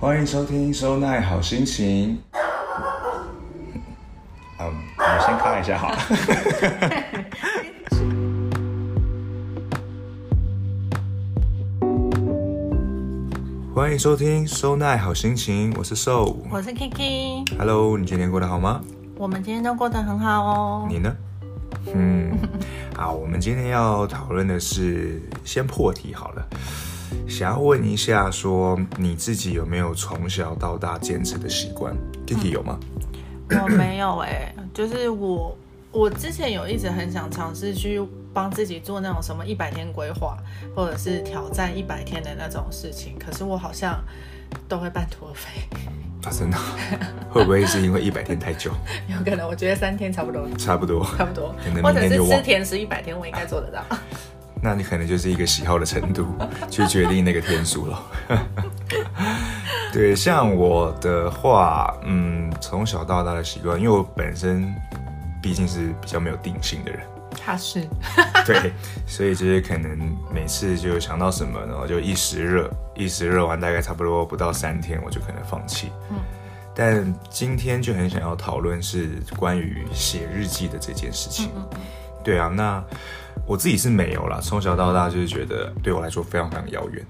歡迎收聽 Soul Night 好心情。嗯、um，我們先看一下哈。 歡迎收聽 Soul Night 好心情，我是 Soul，我是 Kiki。Hello，你今天過得好嗎？我們今天都過得很好哦。你呢？嗯，啊， 我們今天要討論的是，先破題好了。想要問一下，說你自己有沒有從小到大堅持的習慣 Kiki 有嗎？我沒有哎、欸， 就是我，我之前有一直很想嘗試去幫自己做那種什麼一百天規劃，或者是挑戰一百天的那種事情，可是我好像都會半途而廢。生、啊、的？會不會是因為一百天太久？ 有可能，我覺得三天差不多。差不多。差不多。可能明天就忘了。或者是吃甜食一百天，我應該做得到。啊那你可能就是一個喜好的程度 去決定那個天數了。 對，像我的話，嗯，從小到大的習慣，因為我本身畢竟是比較沒有定性的人，他是， 對，所以就是可能每次就想到什麼，然後就一時熱，一時熱完大概差不多不到三天，我就可能放棄。嗯。但今天就很想要討論是關於寫日記的這件事情。嗯嗯，對啊，那。我自己是沒有啦，從小到大就是覺得對我來說非常非常遙遠。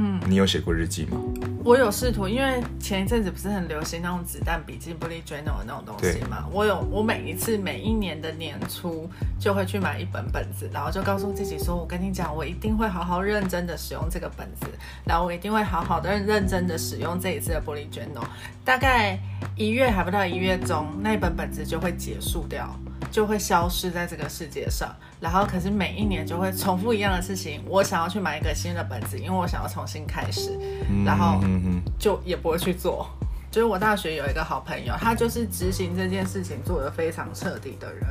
嗯，你有寫過日記嗎？我有試圖，因為前一陣子不是很流行那種子彈筆記、Bullet Journal 的那種東西嘛？對我有，我每一次每一年的年初就會去買一本本子，然後就告訴自己說：“我跟你講，我一定會好好認真的使用這個本子。”然後我一定會好好認認真的使用這一次的 Bullet Journal。大概一月還不到一月中，那一本本子就會結束掉。就會消失在這個世界上，然後可是每一年就會重複一樣的事情。我想要去買一個新的本子，因為我想要重新開始，然後就也不會去做。其實我大學有一個好朋友，他就是執行這件事情做得非常徹底的人。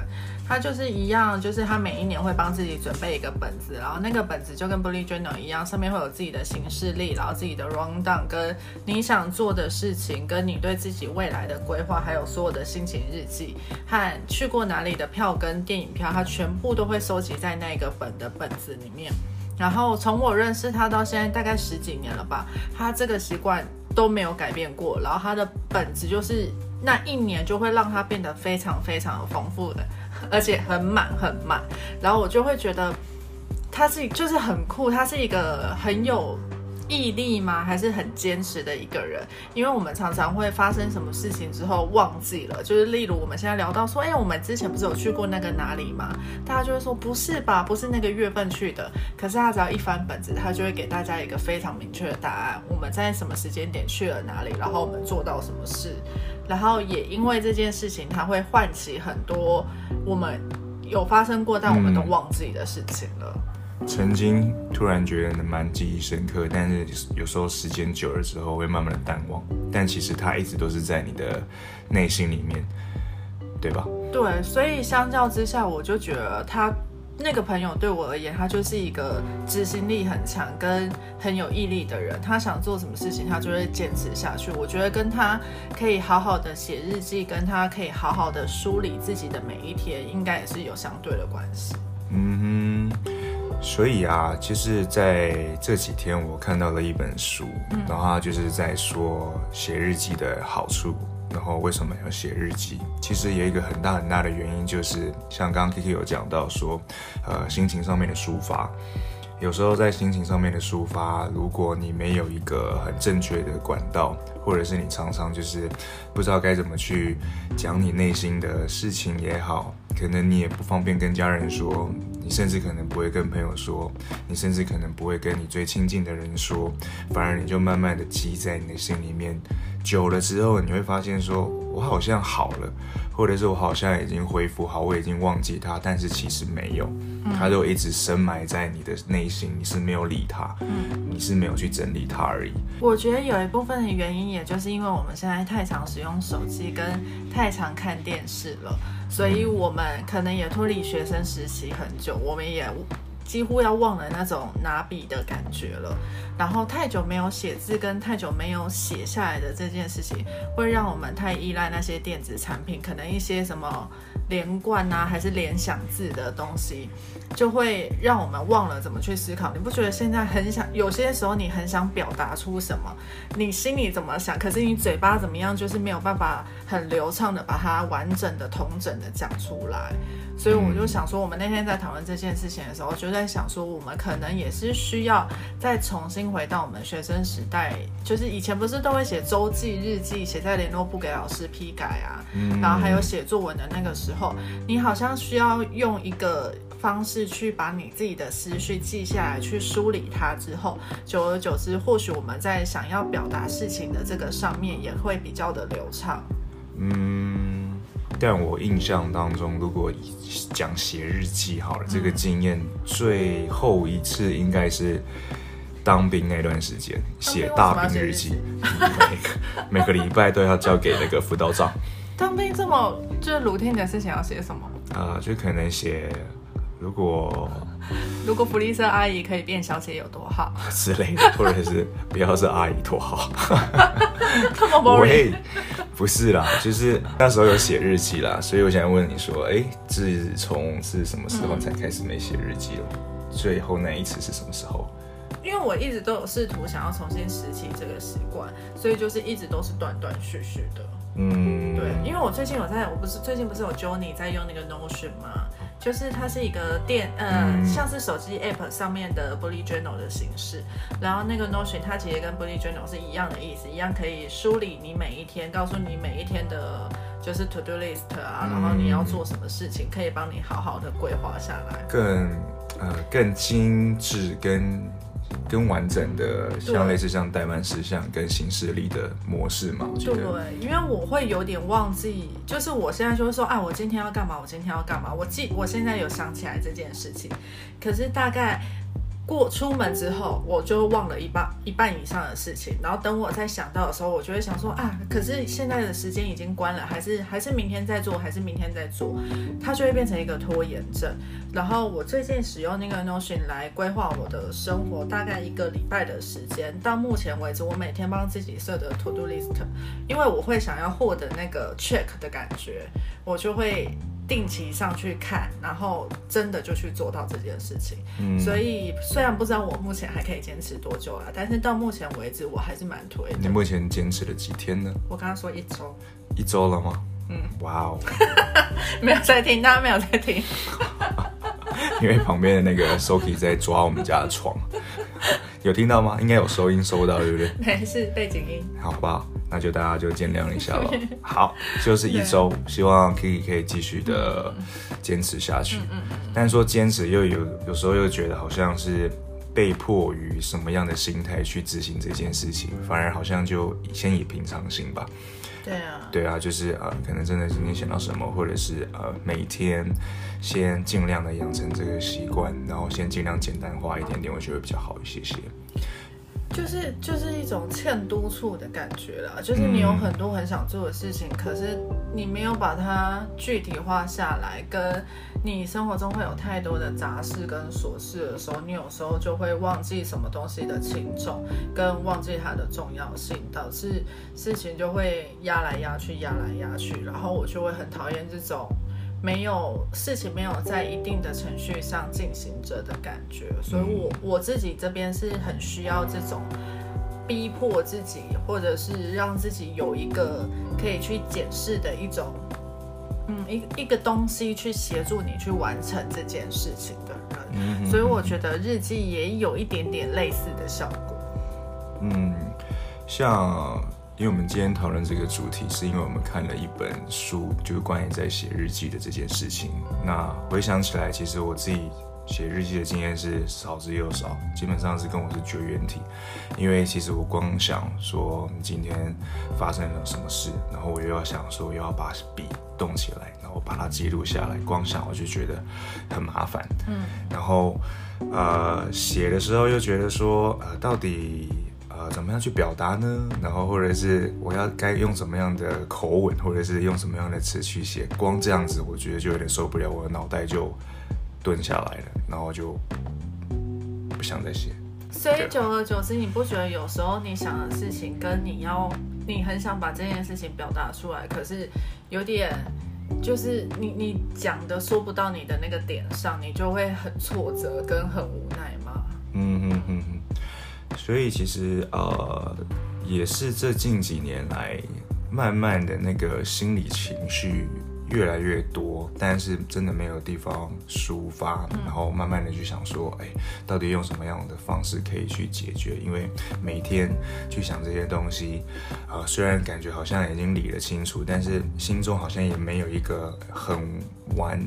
他就是一樣，就是他每一年會幫自己準備一個本子，然後那個本子就跟 bullet journal 一樣，上面會有自己的行事曆，然後自己的 round down，跟你想做的事情，跟你對自己未來的規劃，還有所有的心情日記和去過哪裡的票跟電影票，他全部都會收集在那個本的本子裡面。然後從我認識他到現在大概十幾年了吧，他這個習慣都沒有改變過，然後他的本質就是那一年就會讓他變得非常非常豐富的，而且很滿很滿，然後我就會覺得他是就是很酷，他是一個很有。毅力嗎？還是很堅持的一個人，因為我們常常會發生什麼事情之後忘記了，就是例如我們現在聊到說，誒，我們之前不是有去過那個哪裡嗎？大家就會說不是吧，不是那個月份去的。可是他只要一翻本子，他就會給大家一個非常明確的答案。我們在什麼時間點去了哪裡，然後我們做到什麼事，然後也因為這件事情，他會喚起很多我們有發生過但我們都忘記的事情了。嗯曾經突然覺得蠻記憶深刻，但是有時候時間久了之後會慢慢的淡忘。但其實他一直都是在你的內心裡面，對吧？對，所以相較之下，我就覺得他那個朋友對我而言，他就是一個執行力很強、跟很有毅力的人。他想做什麼事情，他就會堅持下去。我覺得跟他可以好好的寫日記，跟他可以好好的梳理自己的每一天，應該也是有相對的關係。嗯哼。所以啊，其實在這幾天，我看到了一本書，嗯、然後就是在說寫日記的好處，然後為什麼要寫日記？其實有一個很大很大的原因，就是像剛剛 K K 有講到說，呃，心情上面的抒發。有時候在心情上面的抒發，如果你沒有一個很正確的管道，或者是你常常就是不知道該怎麼去講你內心的事情也好，可能你也不方便跟家人說，你甚至可能不會跟朋友說，你甚至可能不會跟你最親近的人說，反而你就慢慢的積在你的心裡面。久了之後，你會發現，說我好像好了，或者是我好像已經恢復好，我已經忘記他，但是其實沒有，他都一直深埋在你的內心，嗯、你是沒有理他，嗯、你是沒有去整理他而已。我覺得有一部分的原因，也就是因為我們現在太常使用手機，跟太常看電視了，所以我們可能也脫離學生時期很久，我們也。幾乎要忘了那種拿筆的感覺了，然後太久沒有寫字，跟太久沒有寫下來的這件事情，會讓我們太依賴那些電子產品，可能一些什麼連貫啊，還是聯想字的東西，就會讓我們忘了怎麼去思考。你不覺得現在很想，有些時候你很想表達出什麼，你心裡怎麼想，可是你嘴巴怎麼樣，就是沒有辦法很流暢的把它完整的、統整的講出來。所以我就想說，我們那天在討論這件事情的時候，就在想說，我們可能也是需要再重新回到我們學生時代，就是以前不是都會寫週記、日記，寫在聯絡簿給老師批改啊，然後還有寫作文的那個時候，你好像需要用一個方式去把你自己的思緒記下來，去梳理它之後，久而久之，或許我們在想要表達事情的這個上面也會比較的流暢。嗯。但我印象當中，如果講寫日記好了，嗯、這個經驗最後一次應該是當兵那段時間寫大兵日記，每個每個禮拜都要交給那個輔導長。當兵這麼就是盧天杰是想要寫什麼？啊、呃，就可能寫如果如果福利社阿姨可以變小姐有多好之類的，或者是不要是阿姨多好。這麼 boring 不是啦，就是那時候有寫日記啦，所以我想問你說，哎、欸，自從是什麼時候才開始沒寫日記了？嗯、最後那一次是什麼時候？因為我一直都有試圖想要重新拾起這個習慣，所以就是一直都是斷斷續續的。嗯，對，因為我最近有在，我不是最近不是有教你在用那個 Notion 嗎？就是它是一個電，呃，嗯、像是手機 App 上面的 Bullet Journal 的形式，然後那個 Notion 它其實跟 Bullet Journal 是一樣的意思，一樣可以梳理你每一天，告訴你每一天的，就是 To Do List 啊，嗯、然後你要做什麼事情，可以幫你好好的規劃下來，更，呃，更精緻跟。跟完整的像類似像待辦事項跟行事曆的模式嘛，對，對，對，對，我覺得。因為我會有點忘記，就是我現在就會說啊、哎，我今天要幹嘛？我今天要幹嘛？我記，我現在有想起來這件事情，可是大概。過出門之後，我就忘了一半一半以上的事情，然後等我再想到的時候，我就會想說啊，可是現在的時間已經關了，還是還是明天再做，還是明天再做，它就會變成一個拖延症。然後我最近使用那個 Notion 來規劃我的生活，大概一個禮拜的時間，到目前為止，我每天幫自己設的 To Do List，因為我會想要獲得那個 check 的感覺，我就會。定期上去看，然後真的就去做到這件事情。嗯，所以雖然不知道我目前還可以堅持多久啊，但是到目前為止我還是蠻推的。你目前堅持了幾天呢？我剛剛說一周，一周了嗎？嗯，哇哦 Wow， 沒有在聽大家沒有在聽， 因為旁邊的那個 Soki 在抓我們家的床， 有聽到嗎？應該有收音收到，對不對？沒事，背景音，好不好？那就大家就見諒一下咯。好，就是一周，對希望可以可以繼續的堅持下去。嗯嗯嗯嗯、但是說堅持，又有有時候又覺得好像是被迫於什麼樣的心態去執行這件事情，嗯、反而好像就先以平常心吧。對啊，對啊，就是、呃、可能真的今天想到什麼，或者是呃，每天先盡量的養成這個習慣，然後先盡量簡單化一點點，嗯、我覺得會比較好一些些。就是就是一種欠督促的感覺啦，就是你有很多很想做的事情，嗯、可是你沒有把它具體化下來。跟你生活中會有太多的雜事跟瑣事的時候，你有時候就會忘記什麼東西的輕重，跟忘記它的重要性，導致事情就會壓來壓去，壓來壓去。然後我就會很討厭這種。沒有事情沒有在一定的程序上進行着的感覺，所以我我自己這邊是很需要這種逼迫自己，或者是讓自己有一個可以去檢視的一種，嗯，一個一個東西去協助你去完成這件事情的人，對對嗯、哼所以我覺得日記也有一點點類似的效果。嗯，像。因為我們今天討論這個主題，是因為我們看了一本書，就是關於在寫日記的這件事情。那回想起來，其實我自己寫日記的經驗是少之又少，基本上是跟我是絕緣體。因為其實我光想說今天發生了什麼事，然後我又要想說，又要把筆動起來，然後把它記錄下來，光想我就覺得很麻煩。嗯。然後，呃，寫的時候又覺得說，呃，到底。呃，怎麼樣去表達呢？然後或者是我要該用什麼樣的口吻，或者是用什麼樣的詞去寫？光這樣子，我覺得就有點受不了，我的腦袋就蹲下來了，然後就不想再寫。所以久而久之，你不覺得有時候你想的事情跟你要，你很想把這件事情表達出來，可是有點就是你你講的說不到你的那個點上，你就會很挫折跟很無奈嗎？嗯嗯嗯。所以其實呃，也是這近幾年來，慢慢的那個心理情緒越來越多，但是真的沒有地方抒發，然後慢慢的就想說，哎、欸，到底用什麼樣的方式可以去解決？因為每天去想這些東西，啊、呃，雖然感覺好像已經理得清楚，但是心中好像也沒有一個很完。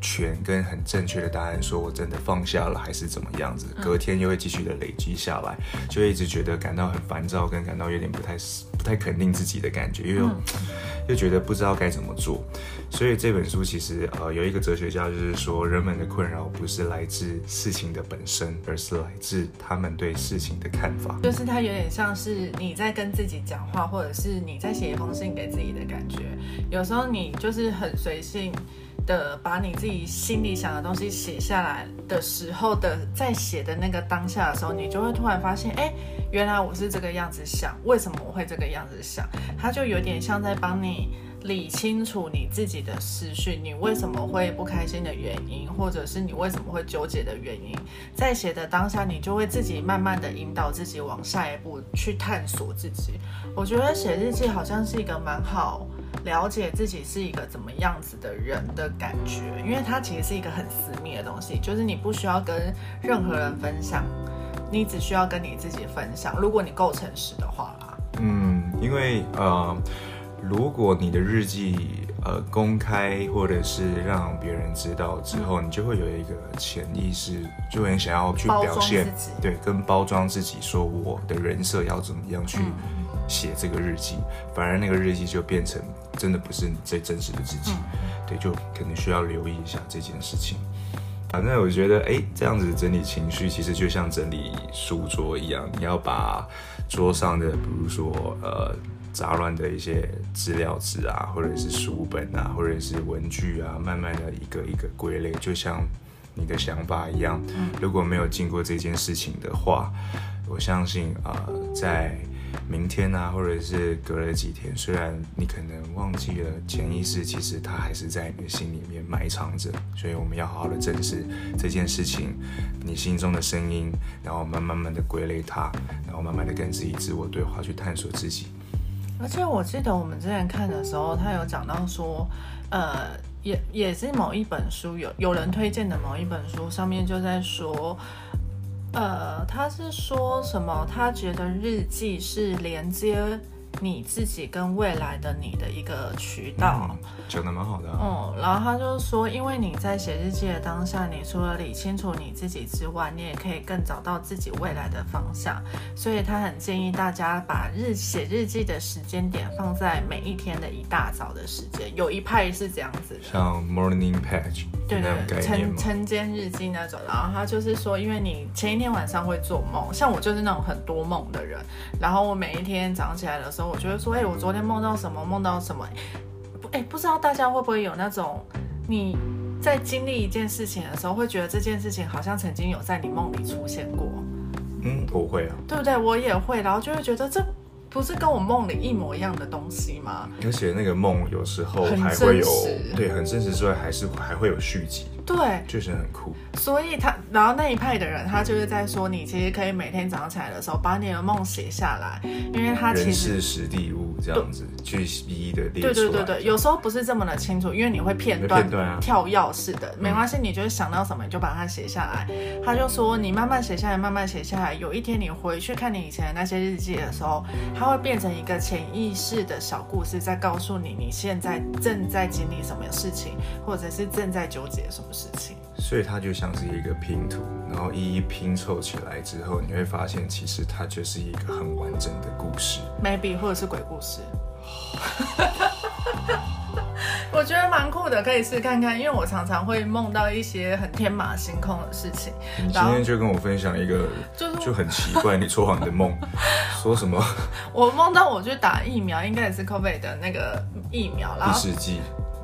全跟很正確的答案說，我真的放下了還是怎麼樣子？嗯、隔天又會繼續的累積下來，就一直覺得感到很煩躁，跟感到有點不太不太肯定自己的感覺，又、嗯、又覺得不知道該怎麼做。所以這本書其實呃有一個哲學家就是說，人們的困擾不是來自事情的本身，而是來自他們對事情的看法。就是它有點像是你在跟自己講話，或者是你在寫一封信給自己的感覺。有時候你就是很隨性。呃，把你自己心裡想的東西寫下來的時候的，在寫的那個當下的時候，你就會突然發現，誒、欸，原來我是這個樣子想，為什麼我會這個樣子想？它就有點像在幫你理清楚你自己的思緒，你為什麼會不開心的原因，或者是你為什麼會糾結的原因，在寫的當下，你就會自己慢慢的引導自己往下一步去探索自己。我覺得寫日記好像是一個蠻好。了解自己是一個怎麼樣子的人的感覺，因為它其實是一個很私密的東西，就是你不需要跟任何人分享，你只需要跟你自己分享。如果你夠誠實的話，嗯，因為呃，如果你的日記呃公開或者是讓別人知道之後，你就會有一個潛意識，就很想要去表現自己，對，跟包裝自己，說我的人設要怎麼樣去。嗯寫這個日記，反而那個日記就變成真的不是你最真實的自己，嗯、對，就可能需要留意一下這件事情。啊，反正我覺得，誒、欸，這樣子整理情緒其實就像整理書桌一樣，你要把桌上的，比如說呃雜亂的一些資料紙啊，或者是書本啊，或者是文具啊，慢慢的一個一個歸類，就像你的想法一樣。嗯、如果沒有經過這件事情的話，我相信啊、呃，在明天啊，或者是隔了幾天，雖然你可能忘記了，潛意識其實它還是在你的心裡面埋藏着。所以我們要好好的正視這件事情，你心中的聲音，然後慢慢慢的歸類它，然後慢慢的跟自己自我對話，去探索自己。而且我記得我們之前看的時候，他有講到說，呃，也也是某一本書，有有人推薦的某一本書，上面就在說。呃，他是說什麼？他覺得日記是連接你自己跟未來的你的一個渠道，嗯、講得蠻好的，啊。哦、嗯。然後他就說，因為你在寫日記的當下，你除了理清楚你自己之外，你也可以更找到自己未來的方向。所以他很建議大家把日寫日記的時間點放在每一天的一大早的時間。有一派是這樣子的。像 morning page，對對對，晨晨間日記那種。然後他就是說，因為你前一天晚上會做夢，像我就是那種很多夢的人，然後我每一天早上起來的時候。我覺得說，哎、欸，我昨天夢到什麼夢到什麼，哎、欸欸，不，不知道大家會不會有那種，你在經歷一件事情的時候，會覺得這件事情好像曾經有在你夢裡出現過。嗯，不會啊，對不對？我也會，然後就會覺得這不是跟我夢裡一模一樣的東西嗎？而且那個夢有時候還會有，對，很真實之外，還是還會有續集。對，確實很酷。所以他，然後那一派的人，他就是在說，你其實可以每天早上起來的時候，把你的夢寫下來，因為他其實是實物這樣子去對一一的列出來。對對對對，有時候不是這麼的清楚，因為你會片段、跳躍式的，的啊、沒關係，你就想到什麼你就把它寫下來。嗯、他就說，你慢慢寫下來，慢慢寫下來，有一天你回去看你以前的那些日記的時候，它會變成一個潛意識的小故事，在告訴你你現在正在經歷什麼事情，或者是正在糾結什麼事。所以它就像是一個拼圖，然後一一拼湊起來之後，你會發現其實它就是一個很完整的故事，maybe 或者是鬼故事。 我覺得蠻酷的，可以試看看，因為我常常會夢到一些很天馬行空的事情。你今天就跟我分享一個，就，是就很奇怪。 你說完你的夢，說什麼？我夢到我去打疫苗，應該也是 COVID 的那個疫苗啦。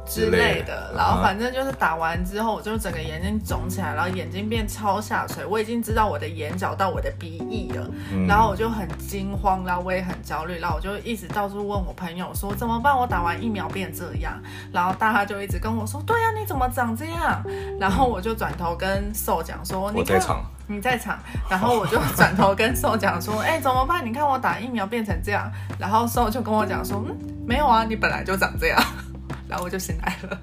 之類的，然後反正就是打完之後，我就整個眼睛腫起來，然後眼睛變超下垂。我已經知道我的眼角到我的鼻翼了，嗯、然後我就很驚慌，然後我也很焦慮，然後我就一直到處問我朋友說，怎麼辦？我打完疫苗變這樣，然後大家就一直跟我說，對呀、啊，你怎麼長這樣？然後我就轉頭跟獸講說，你我在場，你在場。然後我就轉頭跟獸講說，哎、 欸，怎麼辦？你看我打疫苗變成這樣。然後獸就跟我講說，嗯，沒有啊，你本來就長這樣。然後我就醒來了，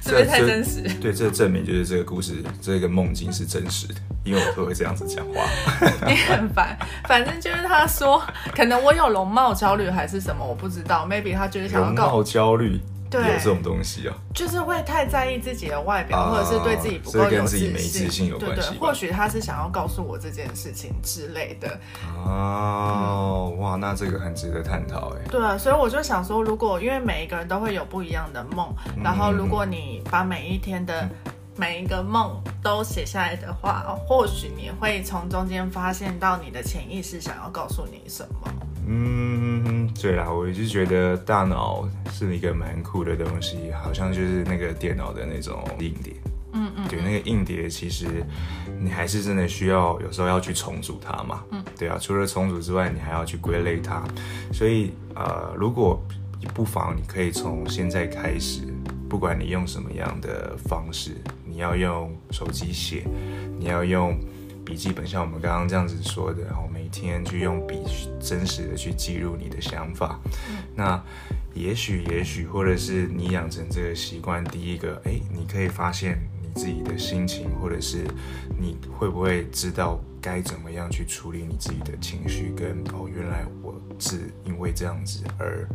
是不是太真實？對，這證明就是這個故事，這個夢境是真實的， 因為我不會這樣子講話。你很煩， 反正就是他說，可能我有容貌焦慮還是什麼，我不知道。Maybe 他就是想要容貌焦慮。也，有這種東西喔，就是會太在意自己的外表，啊，或者是對自己不夠有自信，所以跟自己沒自信有關係，對對，或許他是想要告訴我這件事情之類的。哦，啊，嗯，哇，那這個很值得探討欸。對啊，所以我就想說，如果因為每一個人都會有不一樣的夢，然後如果你把每一天的每一個夢都寫下來的話，或許你會從中間發現到你的潛意識想要告訴你什麼。嗯，對啦，我一直覺得大腦是一個蠻酷的東西，好像就是那個電腦的那種硬碟。嗯嗯，對，那個硬碟其實你還是真的需要，有時候要去重組它嘛。嗯，對啊，除了重組之外，你還要去歸類它。所以呃，如果你不妨，你可以從現在開始，不管你用什麼樣的方式，你要用手機寫，你要用。筆記本像我們剛剛這樣子說的，然後每天去用筆真實的去記錄你的想法。嗯、那也許，也許，或者是你養成這個習慣，第一個，誒，你可以發現你自己的心情，或者是你會不會知道該怎麼樣去處理你自己的情緒？跟哦，原來我是因為這樣子而。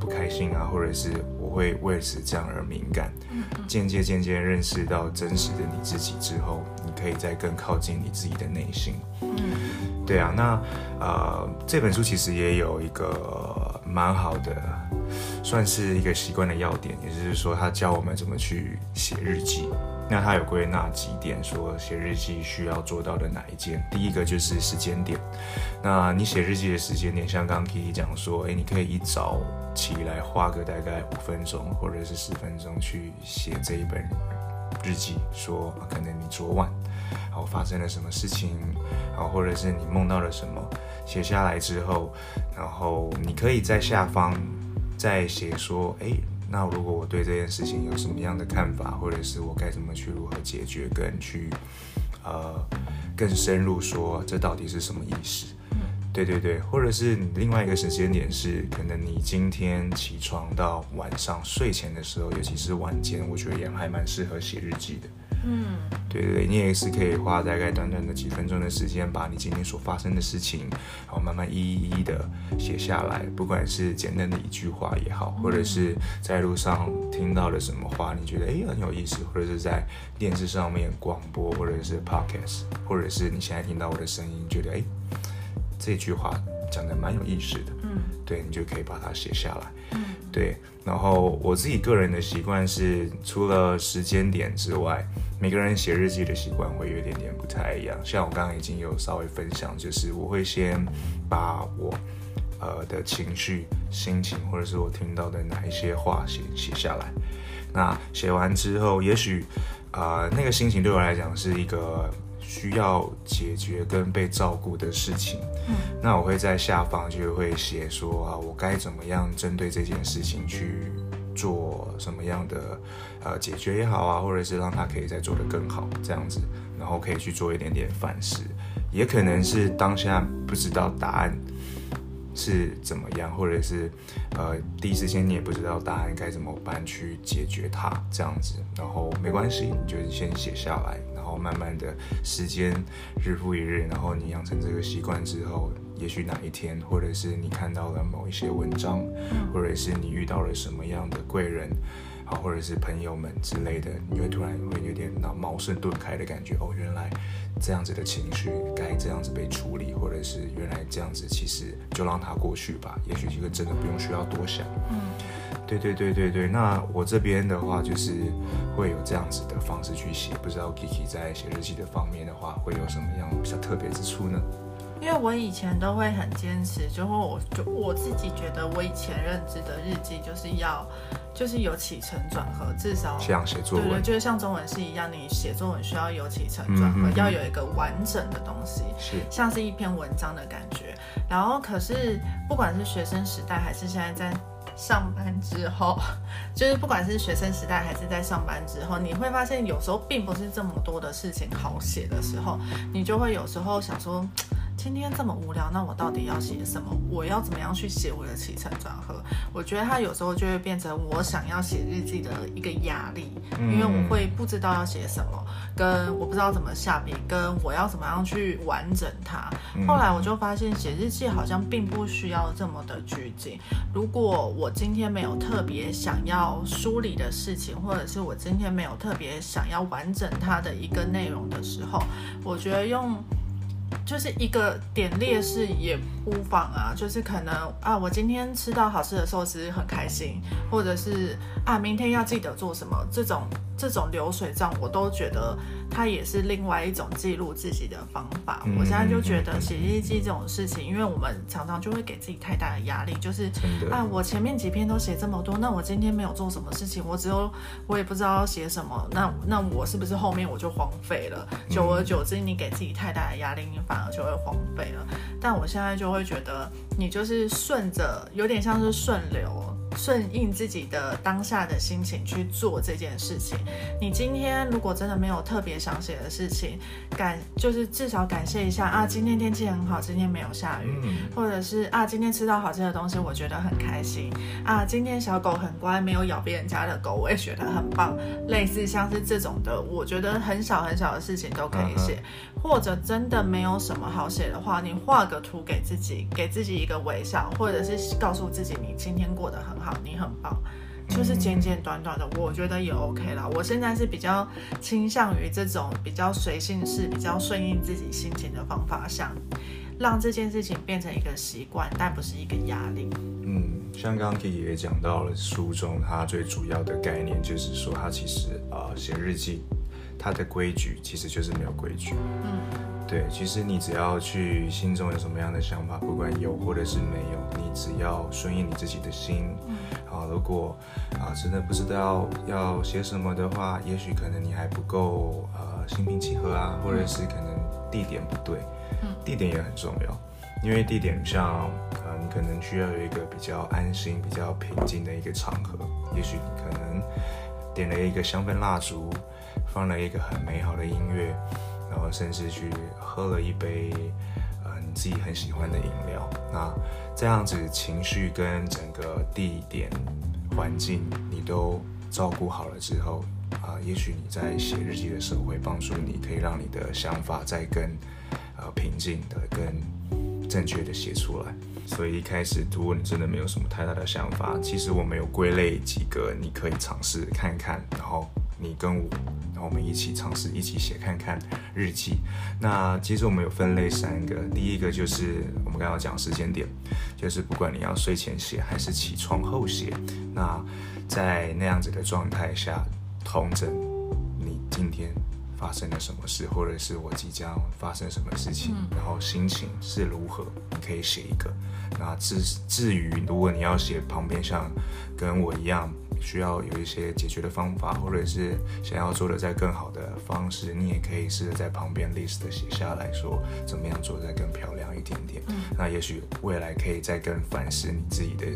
不開心啊，或者是我會為此這樣而敏感，嗯，漸漸漸漸認識到真實的你自己之後，你可以再更靠近你自己的內心。嗯，對啊，那呃這本書其實也有一個蠻好的，算是一個習慣的要點，也就是說他教我們怎麼去寫日記。那他有歸納幾點，說寫日記需要做到的哪一件？第一個就是時間點。那你寫日記的時間點，像剛剛 Kitty 講說，誒，你可以一早起來花個大概五分鐘，或者是十分鐘去寫這一本日記，說可能你昨晚然後發生了什麼事情，然後或者是你夢到了什麼，寫下來之後，然後你可以在下方再寫說，誒。那如果我對這件事情有什麼樣的看法，或者是我該怎麼去如何解決，跟去，呃，更深入說這到底是什麼意思？嗯、對對對，或者是你另外一個時間點是，可能你今天起床到晚上睡前的時候，尤其是晚間，我覺得也還蠻適合寫日記的。嗯，對對，你也是可以花大概短短的幾分鐘的時間，把你今天所發生的事情，然後慢慢一一一的寫下來。不管是簡單的一句話也好，或者是在路上聽到了什麼話，你覺得誒很有意思，或者是在電視上面廣播，或者是 podcast，或者是你現在聽到我的聲音，覺得誒這句話講得蠻有意思的。對，你就可以把它寫下來。嗯，對。然後我自己個人的習慣是，除了時間點之外，每個人寫日記的習慣會有點點不太一樣。像我剛剛已經有稍微分享，就是我會先把我呃的情緒、心情，或者是我聽到的哪一些話寫寫下來。那寫完之後，也許啊、呃，那個心情對我來講是一個。需要解決跟被照顧的事情，嗯，那我會在下方就會寫說啊，我該怎麼樣針對這件事情去做什麼樣的呃解決也好啊，或者是讓他可以再做得更好這樣子，然後可以去做一點點反思，也可能是當下不知道答案是怎麼樣，或者是呃第一時間你也不知道答案該怎麼辦去解決它這樣子，然後沒關係，你就先寫下來。然後慢慢的時間日復一日，然後你養成這個習慣之後，也許哪一天，或者是你看到了某一些文章，或者是你遇到了什麼樣的貴人，好，或者是朋友們之類的，你會突然會有點腦茅塞頓開的感覺。哦，原來這樣子的情緒該這樣子被處理，或者是原來這樣子其實就讓它過去吧。也許這個真的不用需要多想。嗯。對對對對對，那我這邊的話就是會有這樣子的方式去寫，不知道 Kiki 在寫日記的方面的話會有什麼樣比較特別之處呢？因為我以前都會很堅持，就會我就我自己覺得我以前認知的日記就是要就是有起承轉合，至少像寫作文，對對，就是像中文是一樣，你寫作文需要有起承轉合，嗯嗯嗯，要有一個完整的東西，是像是一篇文章的感覺。然後可是不管是學生時代還是現在在。上班之後，就是不管是學生時代還是在上班之後，你會發現有時候並不是這麼多的事情好寫的時候，你就會有時候想說，今天這麼無聊，那我到底要寫什麼？我要怎麼樣去寫我的起承轉合？我覺得它有時候就會變成我想要寫日記的一個壓力，因為我會不知道要寫什麼，跟我不知道怎麼下筆，跟我要怎麼樣去完整它。後來我就發現，寫日記好像並不需要這麼的拘謹。如果我今天沒有特別想要梳理的事情，或者是我今天沒有特別想要完整它的一個內容的時候，我覺得用。就是一個點劣勢也無妨啊，就是可能啊，我今天吃到好吃的壽司很開心，或者是啊，明天要記得做什麼，這種這種流水賬我都覺得。他也是另外一種記錄自己的方法。我現在就覺得寫日記這種事情，因為我們常常就會給自己太大的壓力，就是的啊，我前面幾篇都寫這麼多，那我今天沒有做什麼事情，我只有我也不知道要寫什麼，那那我是不是後面我就荒廢了？久而久之，你給自己太大的壓力，你反而就會荒廢了。但我現在就會覺得，你就是順着，有點像是順流。順應自己的當下的心情去做這件事情。你今天如果真的沒有特別想寫的事情，感就是至少感謝一下啊，今天天氣很好，今天沒有下雨，或者是啊，今天吃到好吃的東西，我覺得很開心啊，今天小狗很乖，沒有咬別人家的狗，我也覺得很棒。類似像是這種的，我覺得很小很小的事情都可以寫。或者真的沒有什麼好寫的話，你畫個圖給自己，給自己一個微笑，或者是告訴自己你今天過得很好，你很棒，就是簡簡短，短短的，嗯、我覺得也 OK 啦。我現在是比較傾向於這種比較隨性，是比較順應自己心情的方法，想讓這件事情變成一個習慣，但不是一個壓力。嗯，像剛剛 K 也講到了，書中它最主要的概念就是說，它其實呃寫日記，它的規矩其實就是沒有規矩。嗯。對，其實你只要去心中有什麼樣的想法，不管有或者是沒有，你只要順應你自己的心。嗯、啊，如果啊真的不知道要寫什麼的話，也許可能你還不夠、呃、心平氣和啊，嗯、或者是可能地點不對。地點也很重要，嗯、因為地點上、啊、可能需要有一個比較安心、比較平靜的一個場合。也許你可能點了一個香氛蠟燭，放了一個很美好的音樂，然後甚至去喝了一杯，呃，你自己很喜歡的飲料。那這樣子情緒跟整個地點環境你都照顧好了之後，啊、呃，也許你在寫日記的時候會幫助你，可以讓你的想法再更呃平靜的、更正確的寫出來。所以一開始，如果你真的沒有什麼太大的想法，其實我沒有歸類幾個，你可以嘗試看看。然後你跟我。然後我們一起嘗試一起寫看看日記。那其實我們有分類三個，第一個就是我們剛剛講時間點，就是不管你要睡前寫還是起床後寫，那在那樣子的狀態下，統整，你今天發生了什麼事，或者是我即將發生什麼事情，嗯、然後心情是如何，你可以寫一個。那至至於如果你要寫旁邊像跟我一樣。需要有一些解決的方法，或者是想要做的再更好的方式，你也可以試着在旁邊 list 的寫下來說，怎麼樣做再更漂亮一點點。嗯、那也許未來可以再更反思你自己的。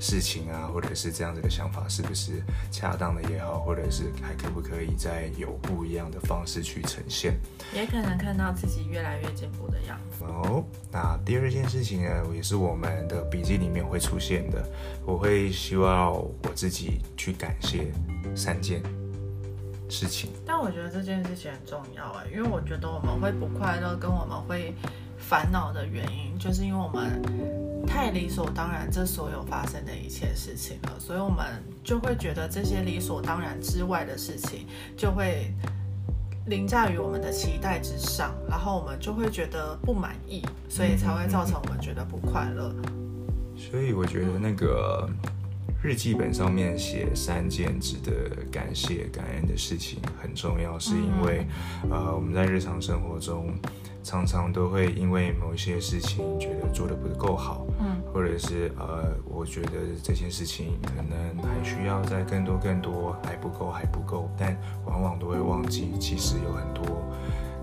事情啊，或者是這樣子的想法，是不是恰當的也好，或者是還可不可以再有不一樣的方式去呈現？也可能看到自己越來越進步的樣子。哦，那第二件事情呢，也是我們的筆記裡面會出現的。我會希望我自己去感謝三件事情。但我覺得這件事情很重要啊、欸，因為我覺得我們會不快樂，跟我們會。煩惱的原因，就是因為我們太理所當然這所有發生的一切事情了，所以我們就會覺得這些理所當然之外的事情，就會凌駕於我們的期待之上，然後我們就會覺得不滿意，所以才會造成我們覺得不快樂。嗯、所以我覺得那個日記本上面寫三件值得感謝感恩的事情很重要，是因為、嗯、呃我們在日常生活中。常常都會因為某些事情覺得做得不夠好，嗯，或者是呃，我覺得這件事情可能還需要再更多更多，還不夠，還不夠，但往往都會忘記，其實有很多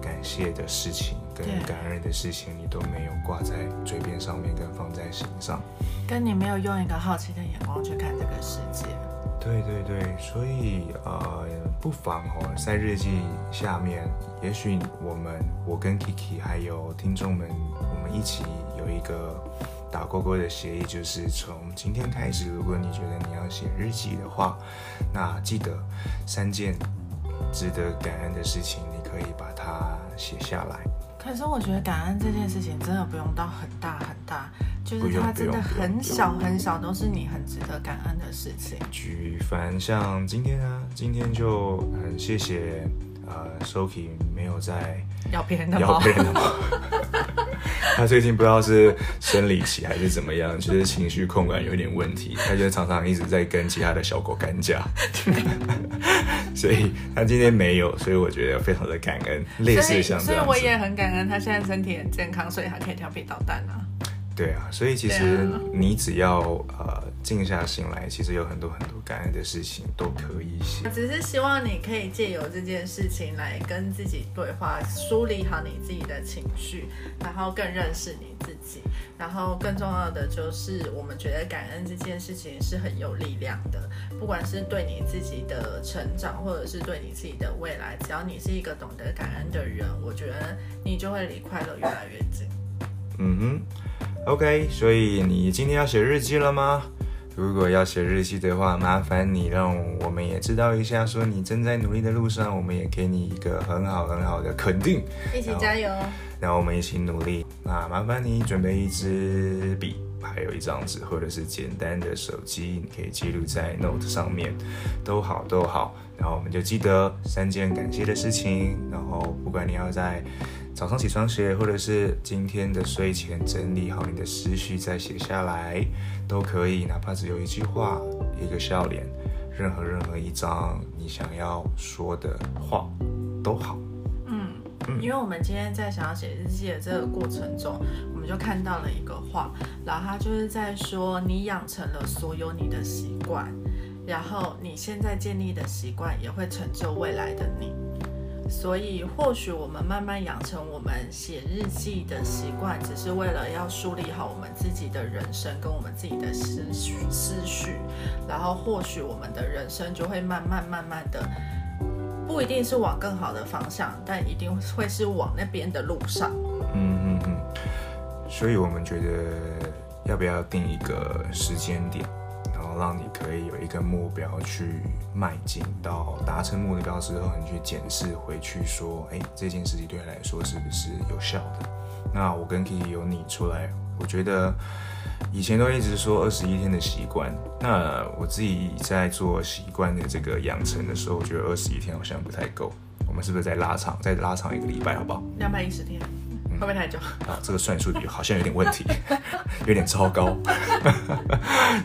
感謝的事情跟感恩的事情，你都沒有掛在嘴邊上面跟放在心上，跟你沒有用一個好奇的眼光去看這個世界。對對對，所以呃，不妨哦，在日記下面，也許我們我跟 Kiki 還有聽眾們，我們一起有一個打勾勾的協議，就是從今天開始，如果你覺得你要寫日記的話，那記得三件值得感恩的事情，你可以把它寫下來。可是我覺得感恩這件事情真的不用到很大很大。就是它真的很小很小，用都是你很值得感恩的事情。舉凡像今天啊，今天就很謝謝呃，Soki 沒有在咬別人，咬別人嗎？ 他最近不知道是生理期還是怎麼樣，就是情緒控管有點問題，他就常常一直在跟其他的小狗幹架。 所以他今天沒有，所以我覺得非常的感恩。類似像這樣子。所以，所以我也很感恩他現在身體很健康，所以還可以調皮搗蛋啊。對啊，所以其實你只要呃靜下心來，其實有很多很多感恩的事情都可以寫。只是希望你可以借由這件事情來跟自己對話，梳理好你自己的情緒，然後更認識你自己。然後更重要的就是，我們覺得感恩這件事情是很有力量的，不管是對你自己的成長，或者是對你自己的未來，只要你是一個懂得感恩的人，我覺得你就會離快樂越來越近。嗯哼。OK，所以你今天要寫日記了嗎？如果要寫日記的話，麻煩你讓我們也知道一下，說你正在努力的路上，我們也給你一個很好很好的肯定，一起加油。然，然後我們一起努力。那麻煩你準備一支筆，還有一張紙，或者是簡單的手機，你可以記錄在 Note 上面，都好都好。然後我們就記得三件感謝的事情，然後不管你要在。早上起床寫，或者是今天的睡前整理好你的思緒再寫下來，都可以。哪怕只有一句話、一個笑臉，任何任何一張你想要說的話，都好。嗯，嗯，因為我們今天在想要寫日記的這個過程中，我們就看到了一個話，然後他就是在說，你養成了所有你的習慣，然後你現在建立的習慣也會成就未來的你。所以，或許我們慢慢養成我們寫日記的習慣，只是為了要梳理好我們自己的人生跟我們自己的思思緒，然後或許我們的人生就會慢慢慢慢的，不一定是往更好的方向，但一定會是往那邊的路上。嗯嗯嗯。所以，我們覺得要不要定一個時間點？讓你可以有一個目標去邁進，到達成目標之後，你去檢視回去說，哎，這件事情對你來說是不是有效的？那我跟 Kiki 有你出來，我覺得以前都一直說二十一天的習慣，那我自己在做習慣的這個養成的時候，我覺得二十一天好像不太夠。我們是不是再拉長？再拉長一個禮拜，好不好？兩百一十天。後面太久啊、哦，這個算數好像有點問題， 有點糟糕。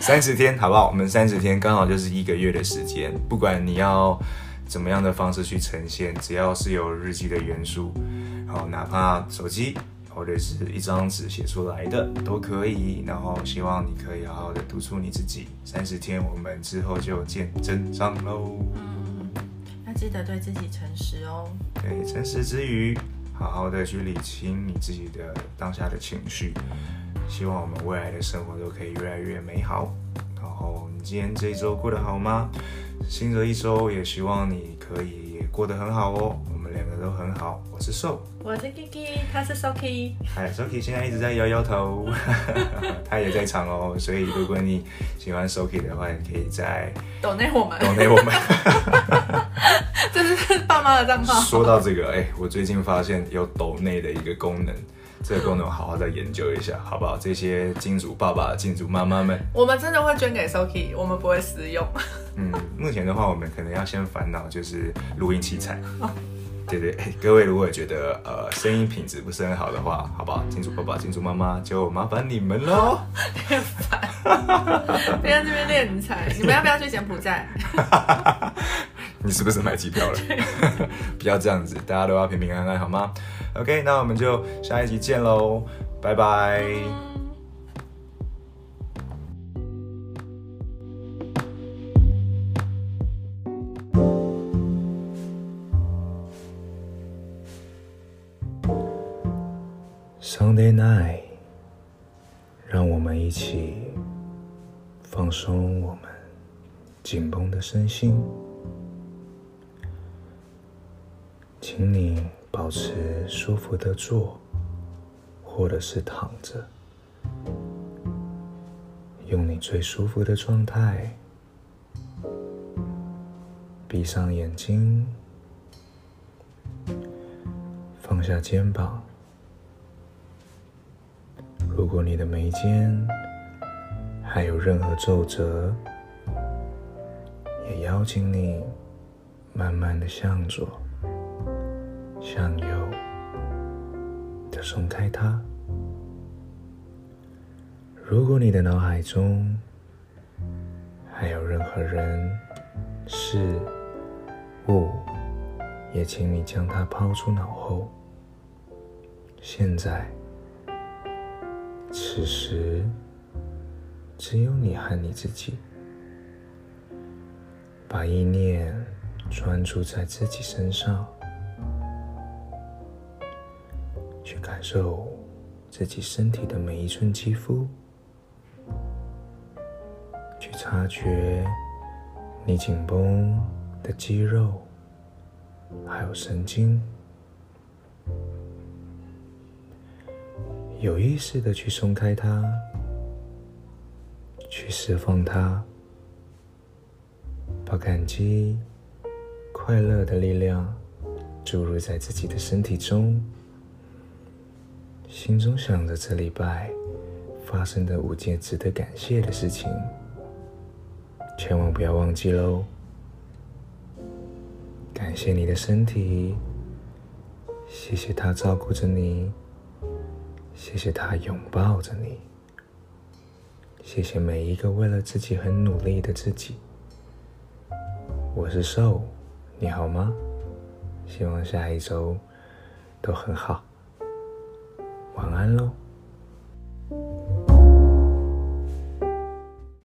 三 十天好不好？我們三十天剛好就是一個月的時間，不管你要怎麼樣的方式去呈現，只要是有日記的元素，然、哦、後哪怕手機或者是一張紙寫出來的都可以。然後希望你可以好好的督促你自己，三十天我們之後就見真章嘍、嗯。那記得對自己誠實哦。對，誠實之餘。好好的去理清你自己的當下的情緒，希望我們未來的生活都可以越來越美好。然後你今天這一周過得好嗎？新的一周也希望你可以過得很好哦。兩個都很好，我是瘦、so，我是 Kiki，他是 Soki。嗨，Soki 現在一直在搖搖頭， 他也在場哦，所以如果你喜歡 Soki 的話，你可以在抖內我們，抖內我們， 這是爸媽的賬號。說到這個，哎、欸，我最近發現有抖內的一個功能，這個功能我好好再研究一下，好不好？這些金主爸爸、金主媽媽們，我們真的會捐給 Soki，我們不會使用。 嗯，目前的話，我們可能要先煩惱就是錄音器材。Oh. 對對，各位如果覺得呃聲音品質不是很好的話，好不好？金主爸爸、金主媽媽就麻煩你們嘍。電詐，哈哈哈哈哈！在那邊電詐，你們要不要去柬埔寨？你是不是買機票了？ 不要這樣子，大家都要平平安安，好嗎？OK，那我們就下一集見嘍，拜拜。嗯從我們緊繃的身心，請你保持舒服的坐，或者是躺着，用你最舒服的狀態，閉上眼睛，放下肩膀。如果你的眉間，還有任何皺褶，也邀請你慢慢的向左、向右的鬆開它。如果你的腦海中還有任何人、事物，也請你將它拋出腦後。現在，此時。只有你和你自己，把意念專注在自己身上，去感受自己身體的每一寸肌膚，去察覺你緊繃的肌肉，還有神經，有意識的去鬆開它。去釋放它，把感激、快樂的力量注入在自己的身體中。心中想着這禮拜發生的五件值得感謝的事情，千萬不要忘記嘍！感謝你的身體，謝謝它照顧着你，謝謝它擁抱着你。謝謝每一個為了自己很努力的自己。我是 Soul，你好嗎？希望下一周都很好。晚安嘍。